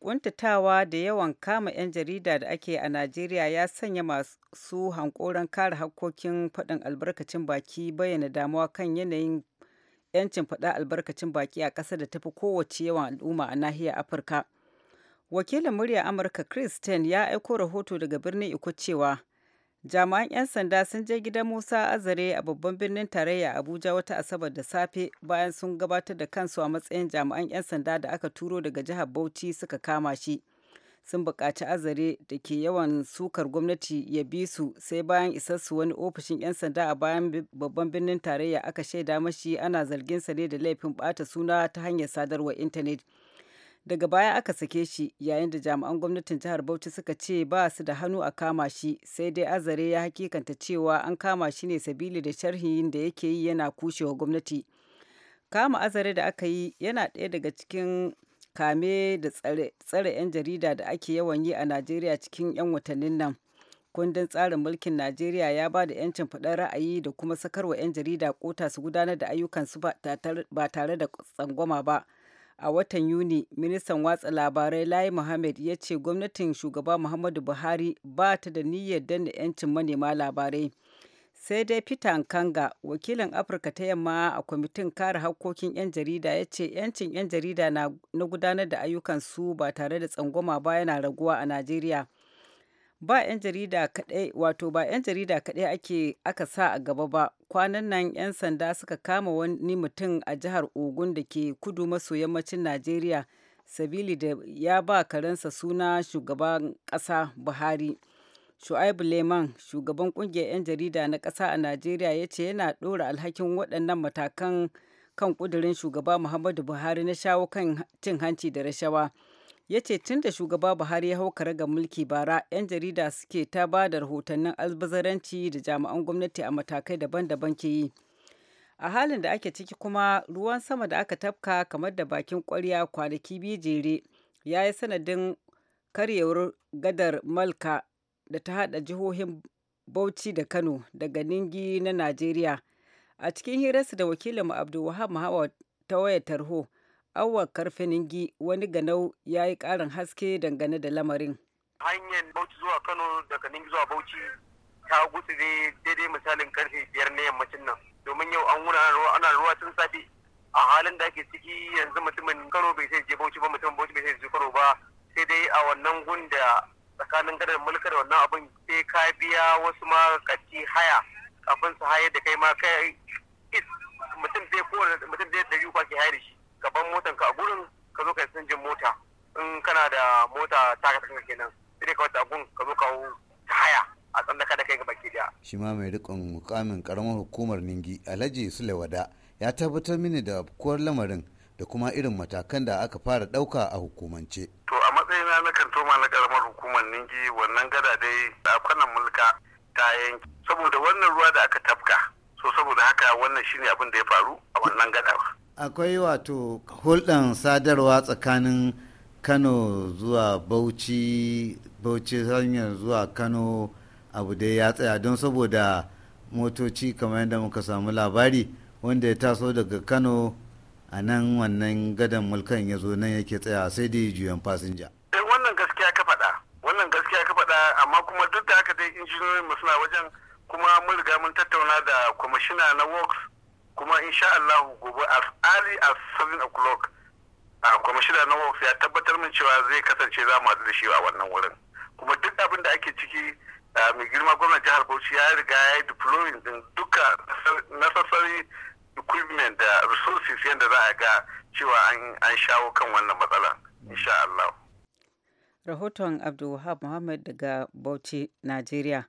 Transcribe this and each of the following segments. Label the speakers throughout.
Speaker 1: Ƙuntatawa da yawan kama 'yan jarida da ake a najeriya ya sanya masu hankoron kare hakkokin faɗin albarkacin baki bayyana damuwa kan yanayin 'yancin faɗa albarkacin baki a ƙasar da tafi kowace yawan al'umma a nahiyar afirka wakilin murya amurka chris ya aiko rahoto daga birnin iko cewa jami'an 'yan sanda sun je gidan musa azare a babban birnin tarayya abuja wata asabar da safe bayan sun gabatar da kansu a matsayin jami'an 'yan sanda da aka turo daga jihar bauchi suka kama shi sun buƙaci azare da ke yawan sukar gwamnati ya bi su sai bayan isassu wani ofishin 'yan sanda a bayan babban birnin tarayya aka shaida mashi ana zargin sa ne da laifin ɓata suna ta hanyar sadarwar intanet. daga baya aka sake shi yayin da jami'an gwamnatin jihar bauchi suka ce ba su da hannu a kama shi sai dai azare ya hakikanta cewa an kama shi ne sabili da sharhin da yake yi yana kushewa gwamnati kama azare da aka yi yana ɗaya daga cikin kame da tsare 'yan jarida da ake yawan yi a najeriya cikin 'yan watannin nan kundin tsarin mulkin najeriya ya ba da 'yancin faɗar ra'ayi da kuma sakarwa 'yan jarida kota su gudanar da ayyukansu ba tare da tsangwama ba a watan Yuni, ministan watsa labarai Lai Mohammed ya ce gwamnatin shugaba Muhammadu Buhari ba ta da niyyar danna 'yancin manema labarai. Sai dai Peter Kanga, wakilin Afirka ta yamma a kwamitin kare hakkokin 'yan jarida ya ce 'yancin 'yan jarida na, gudanar da ayyukansu ba tare da tsangwama ba yana raguwa a Najeriya. ba 'yan jarida kaɗai wato ba 'yan jarida kaɗai ake aka sa a gaba ba kwanan nan 'yan sanda suka kama wani mutum a jihar ogun da ke kudu maso yammacin najeriya sabili da ya ba karensa suna shugaban ƙasa buhari shu'aibu leman shugaban ƙungiyar 'yan jarida na ƙasa a najeriya ya ce yana ɗora alhakin waɗannan matakan kan ƙudurin shugaba muhammadu buhari na shawo kan cin hanci da rashawa ya ce tun da shugaba buhari ya hau ga mulki bara 'yan jarida suke ta ba da rahotannin albazaranci da jami'an gwamnati a matakai daban-daban ke yi a halin da ake ciki kuma ruwan sama da aka tafka kamar da bakin kwarya kwanaki biyu jere ya yi sanadin karyewar gadar malka da ta hada jihohin bauchi da kano daga ningi na najeriya a cikin hirarsa da wakilin wakilinmu abdulwahab muhammad ta wayar tarho Awwa Karfeningi wani ganau ya yi ƙarin haske dangane da lamarin. Hanyar Bauchi
Speaker 2: zuwa Kano daga Ningi zuwa Bauchi ta gutsire daidai misalin karfe biyar na yammacin nan. Domin yau an wuna ana ruwa tun safe a halin da ake ciki yanzu mutumin Kano bai sai je Bauchi ba mutumin Bauchi bai sai je Kano ba sai dai a wannan gunda tsakanin gadar mulkar da wannan abin sai ka biya wasu ma kaci haya kafin su haye da kai ma kai mutum zai kowane mutum zai dari ba ke haye da shi. gaban motan ka a gurin ka zo ka yi sinjin mota in kana da mota ta ka kenan sai ka wata gun ka zo ka ta haya a tsallaka da kai gaba ke daya. shi ma mai rikon mukamin karamar hukumar ningi alhaji sulewada ya tabbatar mini da afkuwar lamarin da kuma irin matakan da aka fara ɗauka a hukumance. To a matsayina na kan toma na karamar hukumar Ningi wannan gada dai a kwanan mulka ta yanki. Saboda wannan ruwa da aka tafka, so saboda haka wannan shine abin da ya faru a wannan gada. akwai wato hulɗan sadarwa tsakanin kano zuwa bauchi bauchi hanyar zuwa kano abu dai ya tsaya don saboda motoci kamar yadda muka samu labari wanda ya taso daga kano a nan wannan gadon mulkan ya zo nan yake tsaya sai dai juyan fasinja eh, wannan gaskiya ka faɗa wannan gaskiya ka faɗa amma kuma duk da haka dai injiniyoyin suna wajen kuma mun riga mun tattauna da kwamishina na works kuma insha Allah gobe as early as seven o'clock a kwamishina na Hawks ya tabbatar min cewa zai kasance za mu da shi a wannan wurin kuma duk abin da ake ciki mai girma gwamnan jihar Bauchi ya riga ya yi deploying din duka necessary equipment da resources yadda za a ga cewa an shawo kan wannan matsalan
Speaker 3: insha Allah.
Speaker 1: Rahoton Abdulwahab Muhammad daga Bauchi, nigeria.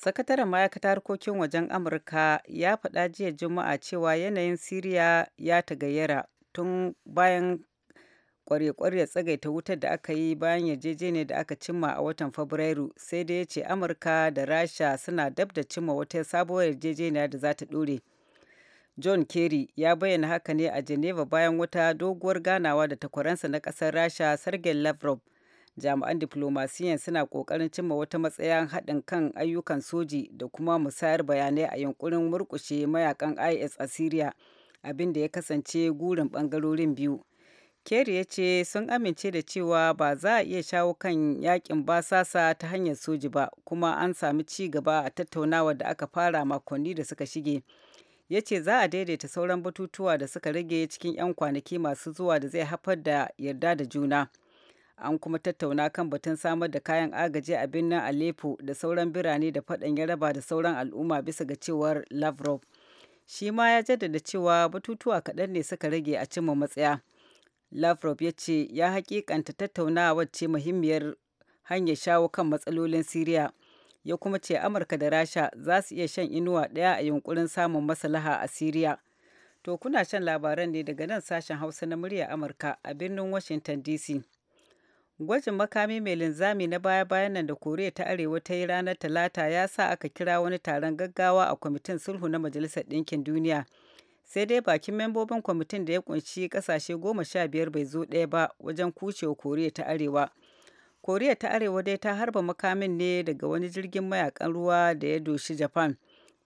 Speaker 1: sakataren ma'aikatar harkokin wajen amurka ya faɗa jiya juma'a cewa yanayin siriya ya tagayyara tun bayan kware-kware tsagaita wutar da aka yi bayan yarjejeniyar da aka cimma a watan fabrairu sai dai ya ce amurka da rasha suna dab da cimma wata sabuwar yarjejeniya da za ta ɗore john kerry ya bayyana haka ne a geneva bayan wata doguwar ganawa da takwaransa na ƙasar rasha sergei lavrov jami'an diplomasiyan suna kokarin cimma wata matsayin haɗin kan ayyukan soji da kuma musayar bayanai a yunkurin murkushe mayakan is a syria abin da ya kasance gurin bangarorin biyu kerry ya ce sun amince da cewa ba za a iya shawo kan yakin basasa ta hanyar soji ba kuma an sami ci gaba a tattaunawa da aka fara makonni da suka shige ya ce za a daidaita sauran batutuwa da suka rage cikin 'yan kwanaki masu zuwa da zai haifar da yarda da juna an kuma tattauna kan batun samar da kayan agaji a birnin aleppo da sauran birane da faɗan yaraba da sauran al'umma bisa ga cewar lavrov shi ma ya jaddada cewa batutuwa kaɗan ne suka rage a cimma matsaya lavrov ya ce ya hakikanta tattaunawa ce muhimmiyar hanyar shawo kan matsalolin siriya ya kuma ce amurka da rasha za su iya shan inuwa ɗaya a yunkurin samun maslaha a siriya to kuna shan labaran ne daga nan sashen hausa na murya amurka a birnin washington dc Gwajin makami mai linzami na baya-bayan nan da Koriya ta Arewa ta yi ranar Talata ya sa aka kira wani taron gaggawa a Kwamitin Sulhu na Majalisar Ɗinkin Duniya. Sai dai bakin membobin kwamitin da ya kunshi kasashe goma sha biyar bai zo ɗaya ba wajen kucewa Koriya ta Arewa. Koriya ta Arewa dai ta harba makamin ne daga wani jirgin mayakan ruwa da ya doshi Japan.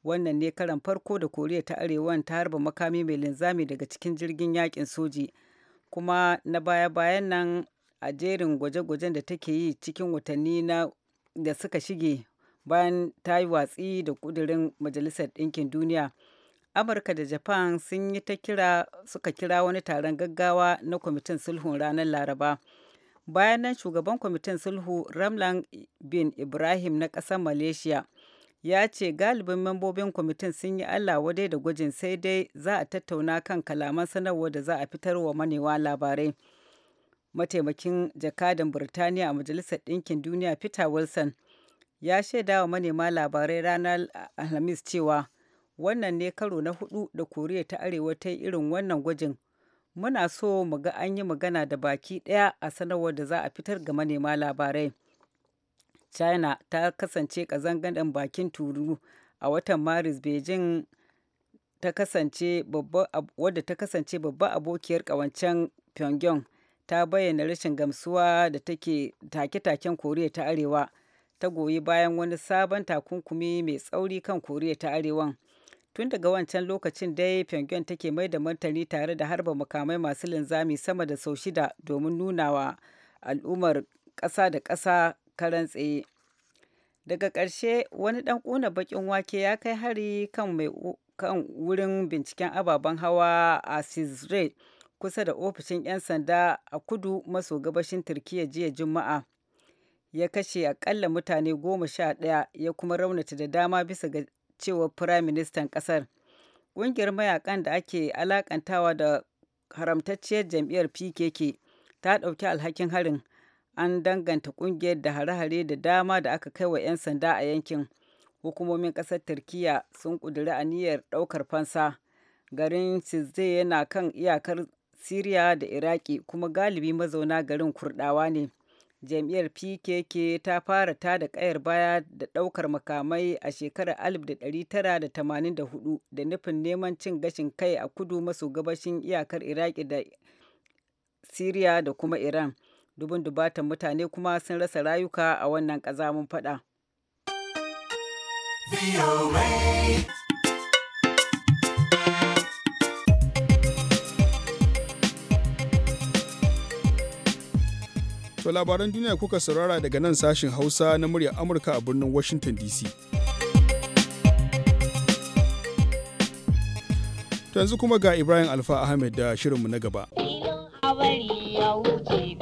Speaker 1: Wannan ne karan farko da Koriya ta arewa ta harba makami mai linzami daga cikin jirgin yakin soji. Kuma na baya-bayan nan a jerin gwaje-gwajen da take yi cikin watanni na da suka shige bayan ta yi watsi da kudirin majalisar ɗinkin duniya amurka da japan sun yi ta kira suka kira wani taron gaggawa na kwamitin sulhun ranar laraba bayan nan shugaban kwamitin sulhu ramlan bin ibrahim na ƙasar malaysia ya ce galibin membobin kwamitin sun yi allah wadai da gwajin sai dai za a tattauna kan kalaman sanarwa da za a fitar wa manewa labarai mataimakin jakadan Burtaniya a Majalisar Ɗinkin Duniya Peter Wilson ya shaida wa manema labarai ranar Alhamis cewa wannan ne karo na hudu da Koriya ta Arewa ta yi irin wannan gwajin. Muna so mu ga an yi magana da baki ɗaya a sanarwar da za a fitar ga manema labarai. China ta kasance kazangadan bakin turu a watan Maris Beijing wadda ta kasance babba abokiyar kawancen Pyongyang ta bayyana rashin gamsuwa da take take-taken koriya ta arewa ta goyi bayan wani sabon takunkumi mai tsauri kan koriya ta arewan tun daga wancan lokacin dai pyongyang take mai da martani tare da harba makamai masu linzami sama da sau shida domin nunawa al'ummar ƙasa da ƙasa karan tsaye daga ƙarshe wani ɗan ƙuna baƙin wake ya kai hari kan wurin binciken ababen hawa a kusa da ofishin 'yan sanda a kudu maso gabashin turkiyya jiya juma'a ya kashe akalla mutane goma sha ɗaya ya kuma raunata da dama bisa ga cewar firaministan ƙasar ƙungiyar mayakan da ake alakantawa da haramtacciyar jam'iyyar pkk ta ɗauki alhakin harin an danganta ƙungiyar da hare-hare da dama da aka kai wa 'yan sanda a yankin hukumomin ƙasar Turkiyya sun ƙudiri aniyar ɗaukar fansa garin sizde yana kan iyakar Siriya da Iraki kuma galibi mazauna garin Kurdawa ne. Jam'iyyar PKK ta fara ta da ƙayar baya da ɗaukar makamai a shekarar 1984 da nufin neman cin gashin kai a kudu maso gabashin iyakar Iraki da Siriya da kuma Iran. dubin dubatan mutane kuma sun rasa rayuka a wannan ƙazamin faɗa.
Speaker 4: To labaran duniya kuka saurara daga nan sashin Hausa na muryar Amurka a birnin Washington DC. To yanzu kuma ga Ibrahim Alfa Ahmed da shirinmu na gaba.
Speaker 1: ya wuce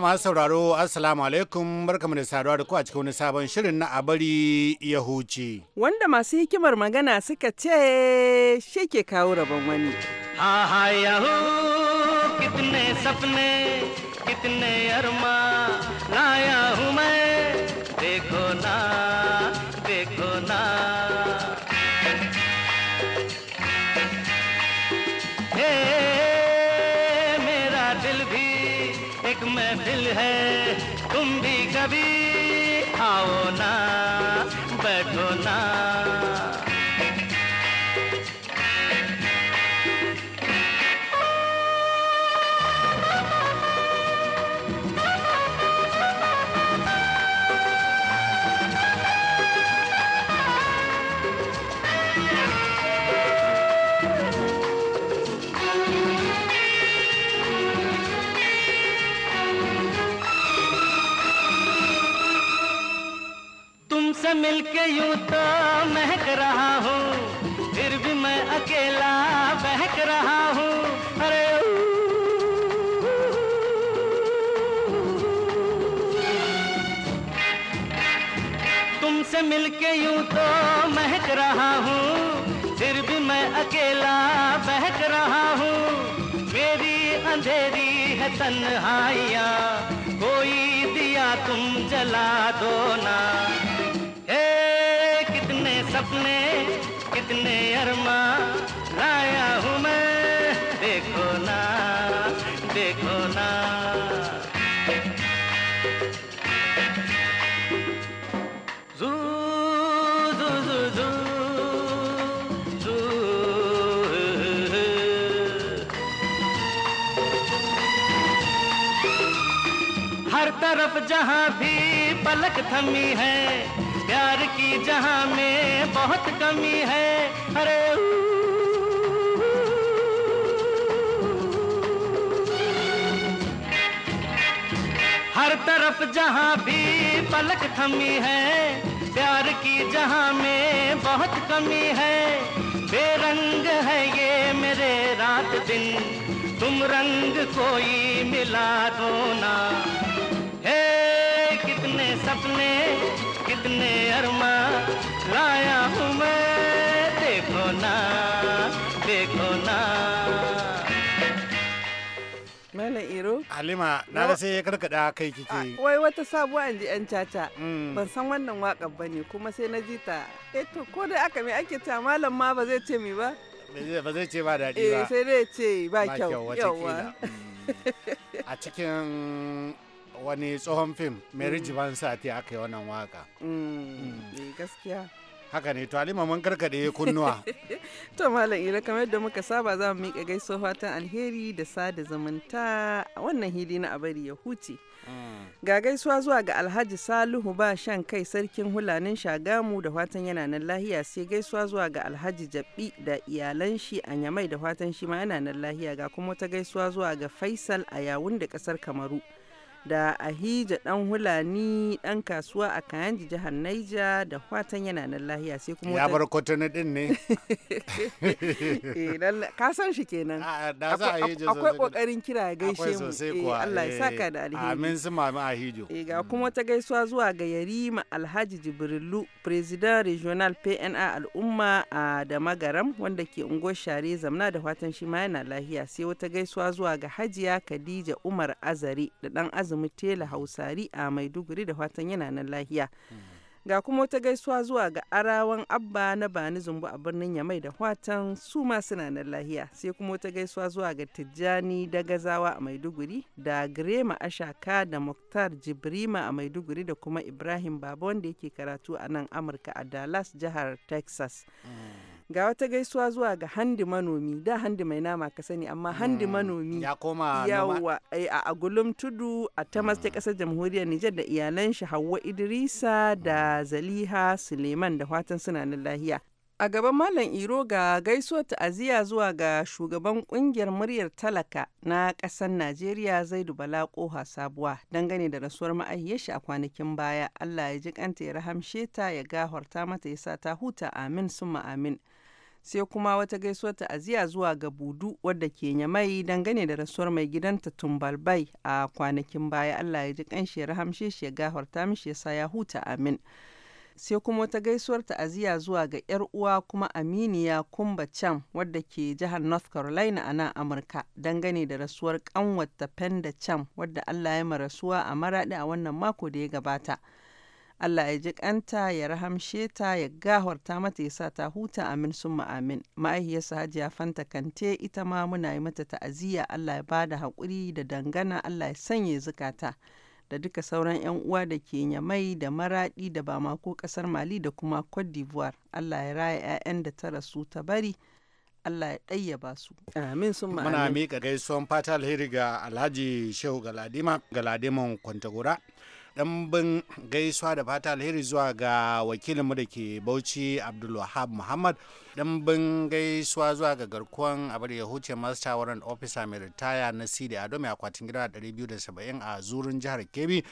Speaker 2: masu sauraro Assalamu alaikum barkamu da saduwa da ku a cikin wani sabon shirin na abari ya huce. Wanda masu hikimar magana suka ce
Speaker 3: shi ke kawo rabon wani. Aha hu
Speaker 5: kitne sapne kitne arma ya hu mai na है तुम भी कभी आओ ना बैठो ना के यूं तो महक रहा हूँ फिर भी मैं अकेला बहक रहा हूँ अरे तुमसे मिलके यूं तो महक रहा हूँ फिर भी मैं अकेला बहक रहा हूँ मेरी अंधेरी है तन्हाइया कोई दिया तुम जला दो ना अब जहाँ भी पलक थमी है प्यार की जहाँ में बहुत कमी है अरे हर तरफ जहाँ भी पलक थमी है प्यार की जहाँ में बहुत कमी है बेरंग है ये मेरे रात दिन तुम रंग कोई मिला दो ना सपने कितने अरमा लाया हूँ मैं देखो ना
Speaker 3: देखो ना
Speaker 2: Malam Iro? Halima, na da sai ya karkada kai kike. Ah,
Speaker 3: wai wata sabuwa inji yan caca. Hmm. Ban san wannan waƙar ba ne kuma sai na ji ta. Eh to ko dai aka me ake ta malam ma ba zai ce mi
Speaker 2: ba? Ba zai ce ba daɗi eh, ba. Eh sai dai ce ba kyau. Ba kyau hmm. A cikin wani tsohon fim mary mm. jiban sati aka yi wannan waka
Speaker 3: mm, mm. gaskiya
Speaker 2: haka ne to alima mun karkade kunnuwa
Speaker 3: to malam ira kamar yadda muka saba za mu miƙa gaiso fatan alheri da sada zumunta wannan hili na abari ya huce ga gaisuwa zuwa ga alhaji salihu ba shan kai sarkin hulanin shagamu da fatan yana nan lahiya sai gaisuwa zuwa ga alhaji jabbi da iyalan shi a nyamai da fatan shi ma yana nan lahiya ga kuma wata gaisuwa zuwa ga faisal a yawun da kasar kamaru da ahija dan hulani dan kasuwa a kayanji jihar naija da watan yana nan lahiya sai kuma ya bar
Speaker 2: kotuna din ne eh,
Speaker 3: ka san shi kenan akwai kokarin kira gaishe mu eh, Allah ya saka da eh. alheri amin su
Speaker 2: mami ahijo
Speaker 3: ga mm. kuma ta gaisuwa zuwa ga yarima alhaji jibrilu president regional pna al'umma a da magaram wanda ke unguwar share zamna da watan shi ma yana lahiya sai wata gaisuwa zuwa ga hajiya khadija umar azare da dan azare azumi tela hausari a maiduguri da fatan yana nan lahiya ga kuma wata gaisuwa zuwa ga arawan abba na bani zumbu a birnin yamai da watan su ma suna nan lahiya sai kuma wata gaisuwa zuwa ga tijjani da gazawa a maiduguri da grema ashaka da muktar jibrima a maiduguri da kuma ibrahim baba wanda yake karatu a nan amurka a dallas jihar texas mm. ga wata gaisuwa zuwa ga handi manomi da handi mai nama ka sani amma handi mm, manomi ya koma yawa eh, a agulum tudu a tamas ta kasar mm. jamhuriyar nijar da iyalan shi hawa idrisa da mm. zaliha suleiman da fatan suna nan lahiya a gaban malam iro ga gaisuwar ta'aziyya zuwa ga shugaban kungiyar muryar talaka na ƙasar najeriya zai bala koha sabuwa dangane da rasuwar ma'aihiyar shi a kwanakin baya allah ya ji kanta ya rahamshe ta ya gafarta mata ya sa ta huta amin summa amin sai kuma wata gaisuwar ta'aziyya zuwa ga budu wadda ke nyamai dangane da rasuwar mai gidanta tumbalbai a kwanakin baya allah ya ji kanshi ya rahamshe shi ya gafarta mishi ya sa ya huta amin sai kuma wata gaisuwar ta'aziyya zuwa ga yar uwa kuma aminiya kumba can wadda ke jihar north carolina a nan amurka dangane da rasuwar kanwata penda wadda allah ya rasuwa a maraɗi a wannan mako da ya gabata Allah ya ji kanta ya rahamshe ta ya gahorta mata ya sa ta huta amin sun amin ma'aihiyarsa hajiya fanta kante ita ma muna yi mata ta'aziyya Allah ya bada haƙuri da dangana Allah ya sanya zukata da duka sauran 'yan uwa da ke nyamai da maraɗi da ba ma ko kasar mali da kuma cote d'ivoire Allah ya raya 'ya'yan da ta rasu ta bari Allah ya ɗayyaba su.
Speaker 2: Amin sun ma'amin. Muna miƙa gaisuwan fata alheri ga Alhaji Shehu Galadima, Galadiman Kwantagora. bin gaisuwa da fata alheri zuwa ga wakilinmu da ke bauchi abdulwahab muhammad bin gaisuwa zuwa ga garkuwan abar ya huce master warrant officer mai ritaya na cd ado mai akwatin gida 270 a zurin jihar kebbi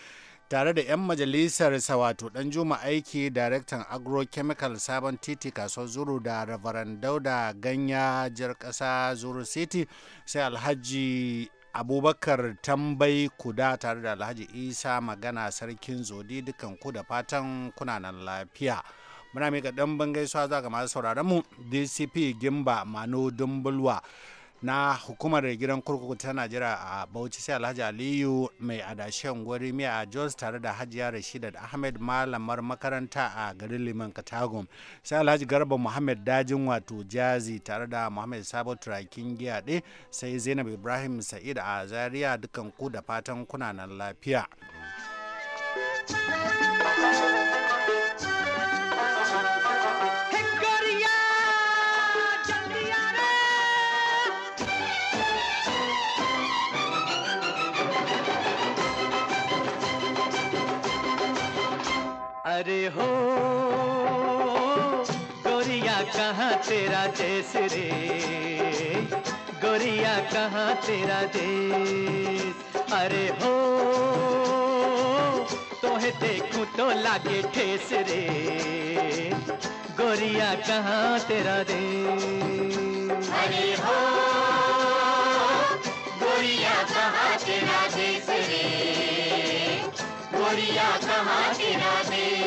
Speaker 2: tare da 'yan majalisar sawato dan juma aiki daraktan agrochemical sabon titi kasuwar zuru da rabaran dauda ganya jar kasa zuru city sai alhaji abubakar tambayi kuda tare da alhaji isa magana sarkin zodi dukan ku da fatan kuna nan lafiya muna ga ɗan bangaisuwa za ga masu sauraron mu dcp gimba mano dumbulwa na hukumar gidan kurkuku ta najeriya a bauchi sai alhaji aliyu mai adashen gwari miya a jos tare da hajiya rashidat ahmed malamar makaranta a garin liman katagum sai alhaji garba muhammad dajin wato jazi tare da muhammad sabo turakin giyaɗe sai zainab ibrahim sa'id a zaria dukan ku da fatan kuna nan lafiya
Speaker 5: अरे हो गोरिया कहाँ तेरा देश रे गोरिया कहाँ तेरा देश अरे हो तोहे देखूं तो लागे ठेस रे गोरिया कहाँ तेरा देश अरे हो गोरिया कहाँ तेरा देश रे गोरिया कहाँ तेरा देश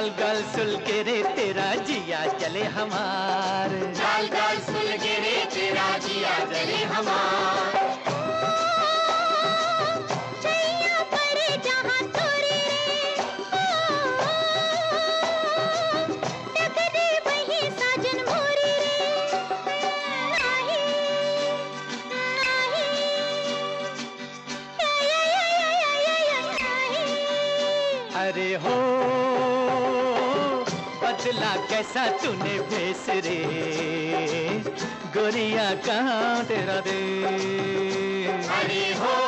Speaker 5: गाल गाल सुल के रे तेरा जिया चले हमार गाल गाल सुल के रे तेरा जिया चले हमार बदला कैसा तूने भेस रे गोरिया कहाँ तेरा दे हरी हो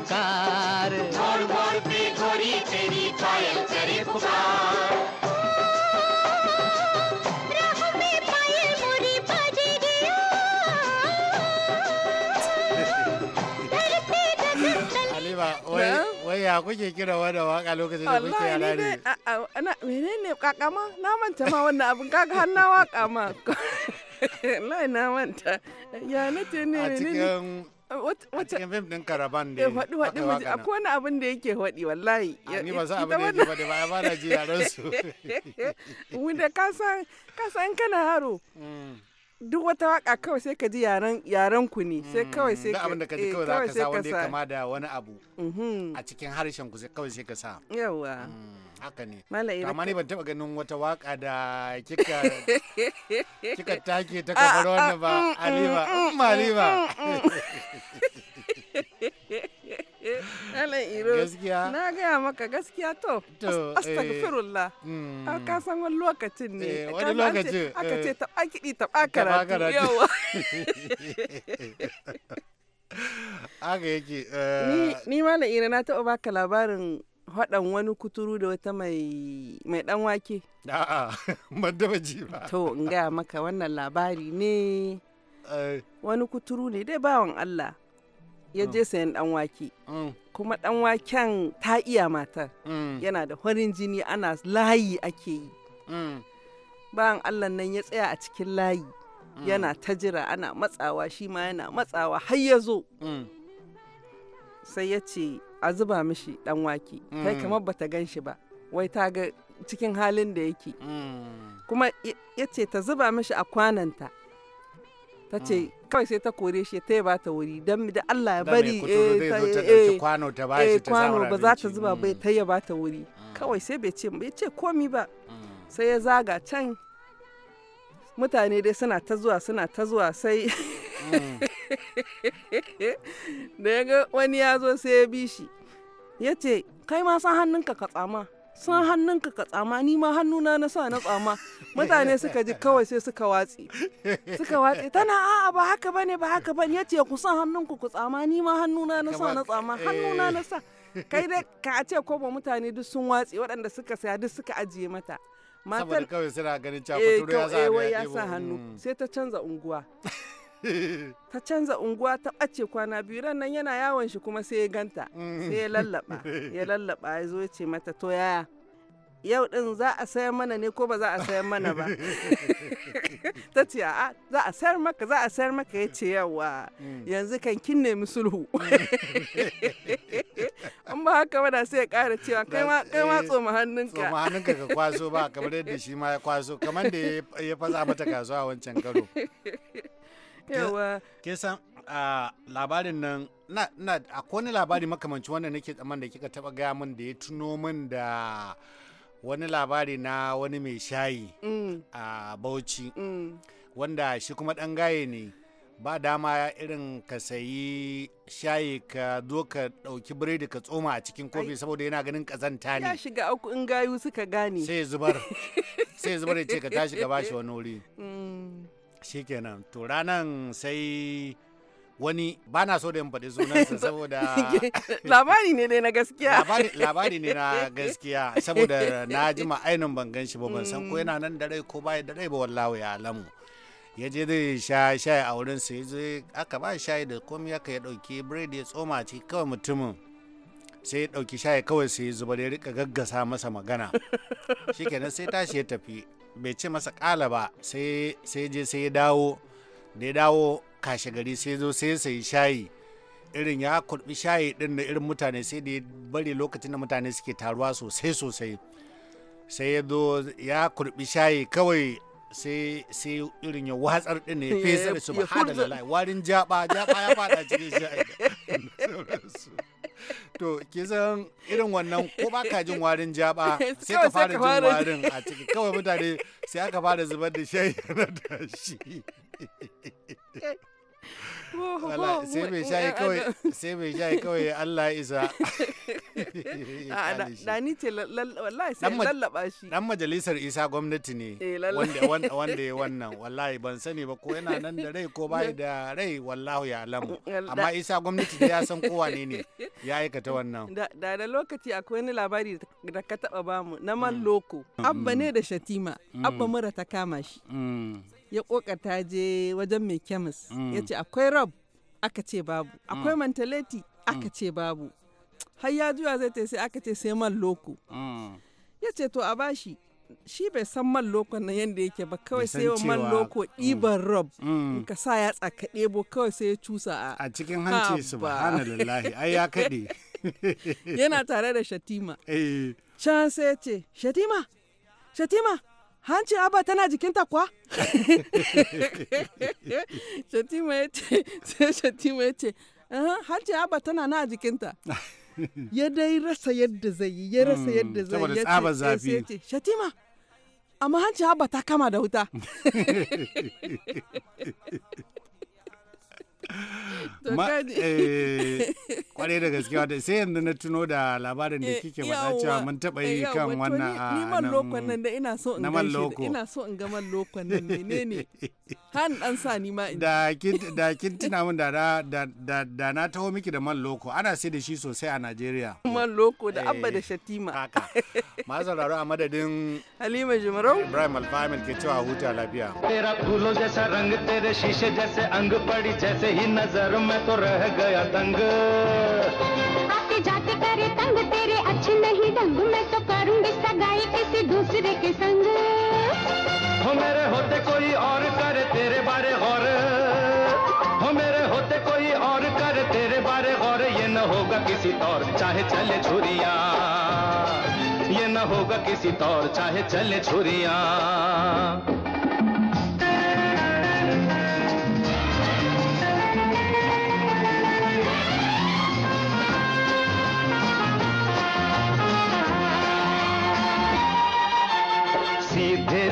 Speaker 5: पुकार भोर भोर पे घोड़ी तेरी पायल करे पुकार
Speaker 2: wai ya kuke kira wanda waka lokacin da kuke a lari
Speaker 3: ana menene kakama na manta ma wannan abin kaga har na waka ma na manta ya nace ne menene wata cikin fim din karaban ne faɗi faɗi mu akwai wani abin da yake faɗi wallahi ni ba za abin da yake faɗi ba ya fara ji yaran su wanda ka san ka kana haro mm. duk wata waka kawai sai ka ji yaran ku ne sai mm. kawai sai ka abin da ka ji eh, kawai za ka sa wanda ya kama
Speaker 2: da wani abu mm-hmm. a cikin harshen ku kawai sai ka sa yawa mm, haka ne amma ne ban taba ganin wata waka da kika kika take ta ah, kabar ah, wannan ba mm, aliba maliba
Speaker 3: Eh, Alan Iro. Gaskiya. Na gaya maka gaskiya to. To. Eh. Astagfirullah. Hmm. Ka san wani lokacin ne. Eh, wani lokacin. Aka ce taɓa kiɗi taɓa karatu. Yawa.
Speaker 2: Haka yake.
Speaker 3: Ni Malam Iro na taɓa baka labarin haɗan wani kuturu da wata mai mai ɗan wake. A'a, ban daba ji ba. To, in gaya maka wannan labari ne. Wani kuturu ne dai bawan Allah. ya mm. je sayan dan wake mm. kuma dan waken ta iya matar mm. yana da farin jini ana layi ake yi bayan allah nan ya tsaya a cikin layi yana ta jira ana matsawa shi ma yana matsawa har ya zo sai ya ce a zuba mishi dan wake kai kamar bata gan shi ba wai ta ga cikin halin da yake kuma ya ce ta zuba mishi a kwananta ta ce kawai sai ta kore shi ta ba ta wuri don da Allah ya bari eh, eh, kwano eh, ba za ta zuba bai ta ya mm. ba ta wuri mm. kawai sai bai ce bai ce komi ba mm. sai ya zaga can mutane dai suna ta zuwa suna ta zuwa sai da ya ga wani ya zo sai ya bi shi ya ce kai ma san hannunka ka tsama sun hannunka ka tsama ni ma hannuna na sa na tsama mutane suka ji kawai sai suka watse suka watse tana a'a ba haka bane ba haka bane yace ku san hannunku ku tsama ni ma hannuna na sa na tsama hannuna eh. na sa kai dai ka ce ko ba mutane duk sun watse waɗanda suka saya duk suka ajiye mata matan saboda kawai
Speaker 2: suna ganin cewa eh, ya eh, sa hannu mm.
Speaker 3: sai ta canza unguwa ta canza unguwa ta ɓace kwana biyu ran nan yana yawon shi kuma sai ya ganta mm. sai ya lallaba ya lallaba ya zo ya ce mata to yaya yau din za a sayar mana ne ko ba za a sayar mana ba ta ce a za a sayar maka za a sayar maka ya ce yawa mm. yanzu kan kin nemi sulhu mm. an ba haka da sai ya kara cewa kai ma kai ma eh, tsoma hannunka tsoma hannunka ka kwaso ba kamar yadda
Speaker 2: shi ma ya kwaso kamar da ya faza mata kasuwa wancan karo yawa ke san labarin nan na na akwai wani labari makamanci wanda nake tsaman da kika taba gaya min da ya tuno min da wani labari na wani mai shayi mm. a bauchi mm. wanda shi kuma dan gaye ne ba dama irin ka sayi shayi ka zo ka ɗauki biredi ka tsoma a cikin kofi saboda yana ganin kazanta ne. Ya shiga uku in gayu suka gane. Sai zubar. Sai zubar ya ce ka tashi ka bashi wani wuri. Mm. shikenan to ranan sai wani ba na so da yin faɗi sunansa saboda
Speaker 3: labari ne na gaskiya labari ne na gaskiya saboda
Speaker 2: na ji ma'ainin ban gan shi ba ban san ko mm. yana nan da rai ko baya da rai ba wallahu ya alamu ya je zai sha shayi a wurin sai zai aka ba shayi da komai aka ya dauki biredi ya tsoma ci kawai mutumin sai ya dauki shayi kawai sai zubar ya rika gaggasa masa magana shikenan sai tashi ya tafi bai ce masa ƙala ba sai je sai ya dawo da ya dawo kashe gari sai zo sai sai shayi irin ya kurbi shayi din da irin mutane sai da ya bari lokacin da mutane suke taruwa sosai sosai sai ya zo ya kurbi shayi kawai sai sai irin ya watsar din ne da su ba hada warin jaba jaba ya fada cikin shayi to ke san irin wannan ko ba ka jin warin jaba sai ka fara jin warin a ciki kawai mutane sai aka fara zubar da shayi na tashi
Speaker 3: sai mai shayi eh, kawai eh, eh.
Speaker 2: sai mai shayi kawai Allah ya isa
Speaker 3: da ni ce wallahi sai lallaba
Speaker 2: shi dan majalisar isa gwamnati ne wanda wanda ya wannan wallahi ban sani ba ko yana nan da rai ko bai da rai wallahu ya alamu amma isa gwamnati da ya san ko wane ne ya aikata wannan
Speaker 3: da da lokaci akwai wani labari da ka taba bamu na man mm. loko mm. abba ne da shatima abba mm. mura ta kama shi ya kokata je wajen mai kemis mm. ya ce akwai rab aka ce babu mm. akwai mantaleti aka mm. ce babu har ya juya zai ta sai aka ce sai man loko ya ce to a bashi shi bai san man loko na yadda yake ba kawai sai wa man loko ibar rob ka sa ya tsaka ɗebo kawai sai ya cusa a a cikin hanci su subhanallahi ai ya kaɗe yana tare da shatima eh. can sai ya ce shatima shatima hancin abba tana jikinta kuwa? shatima ya ce shatima ya ce hancin abba tana na jikinta ya dai rasa yadda zai yi ya rasa hmm, yadda zai yi ya ce shatima amma hancin abba ta kama da wuta
Speaker 2: Eh, kwarai da gaske wata sai yanzu na tuno da labarin da eh, kike faɗa cewa mun taɓa yi kan wannan a nan na malloko nan da ina so
Speaker 3: in ga mallokon nan ne. han ɗan sa ni ma
Speaker 2: da kin da kin tuna min da da da na taho miki da man loko ana sai da shi sosai a Najeriya man loko da abba da eh, shatima haka ma sauraro a madadin Halima Jumarau Ibrahim Alfahamil ke cewa huta lafiya tera फूलों जैसा रंग tere shishe जैसे अंग पड़ी जैसे
Speaker 5: ही नजर में तो रह गया तंग जाते जाते करे तंग तेरे अच्छे नहीं दंग मैं तो करूंगी सगाई किसी दूसरे के संग हो मेरे होते कोई और करे तेरे बारे गौर हो मेरे होते कोई और करे तेरे बारे और ये न होगा किसी तौर चाहे चले छुरिया ये न होगा किसी तौर चाहे चले छुरिया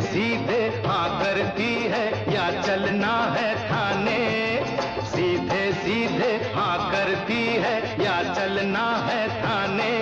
Speaker 5: सीधे हाँ करती है या चलना है थाने सीधे सीधे हाँ करती है या चलना है थाने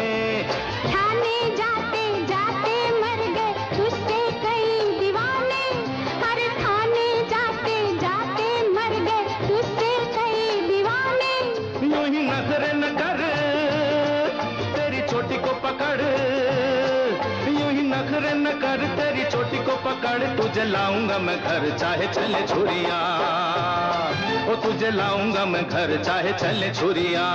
Speaker 5: पकड़ तुझे लाऊंगा मैं घर चाहे चले छुरिया ओ तुझे लाऊंगा मैं घर चाहे चले छुरिया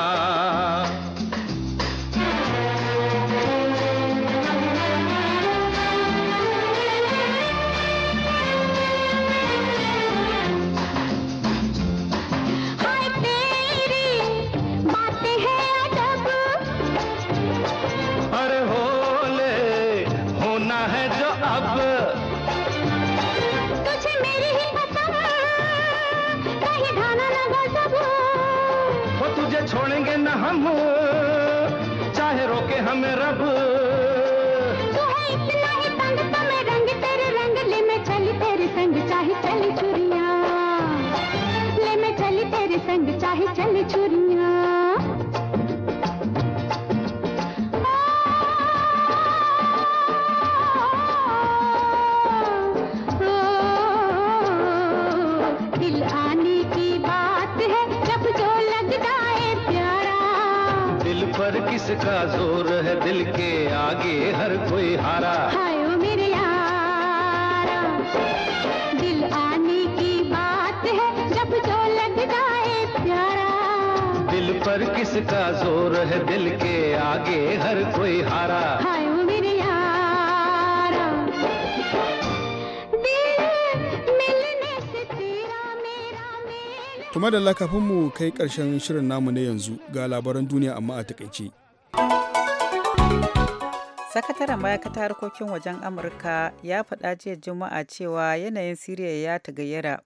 Speaker 5: छोड़ेंगे न हम चाहे रोके हमें रब रंग तेरे रंग ले चली तेरे संग चाहे चली चुरिया ले तेरे संग चाहे किसका जोर है दिल के आगे हर कोई हारा हाय ओ मेरे यारा दिल आने की बात है जब जो लग जाए प्यारा दिल पर किसका जोर है दिल के आगे हर कोई हारा हाय ओ मेरे यारा
Speaker 4: To madalla kafin mu kai ƙarshen shirin namu na yanzu ga labaran duniya amma a takaice.
Speaker 1: sakataren ma'aikatar harkokin wajen amurka ya faɗa jiya juma'a cewa yanayin siriya ya tagayyara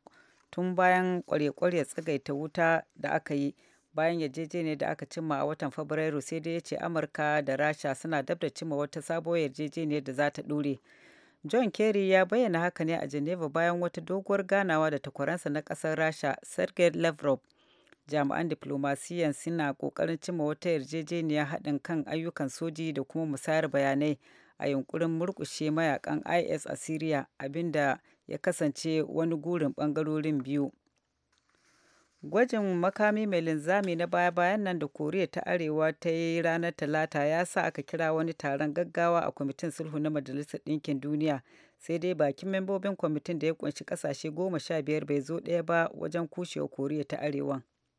Speaker 1: tun bayan kware-kware tsagaita wuta da aka yi bayan yarjejeniyar da aka cimma a watan fabrairu sai dai ya ce amurka da rasha suna dab da cimma wata sabuwar yarjejeniyar da za ta ɗure john kerry ya bayyana haka ne a geneva bayan wata doguwar ganawa da takwaransa na ƙasar rasha sergei lavrov jami'an diplomasiyan suna kokarin cimma wata yarjejeniya haɗin kan ayyukan soji da kuma musayar bayanai a yunkurin murkushe mayakan is a syria abinda ya kasance wani gurin ɓangarorin biyu gwajin makami mai linzami na baya-bayan nan da koriya ta arewa ta yi ranar talata ya sa aka kira wani taron gaggawa a kwamitin sulhu na majalisar ɗinkin duniya sai dai bakin membobin kwamitin da ya kunshi kasashe goma sha biyar bai zo ɗaya ba wajen kushewa koriya ta arewa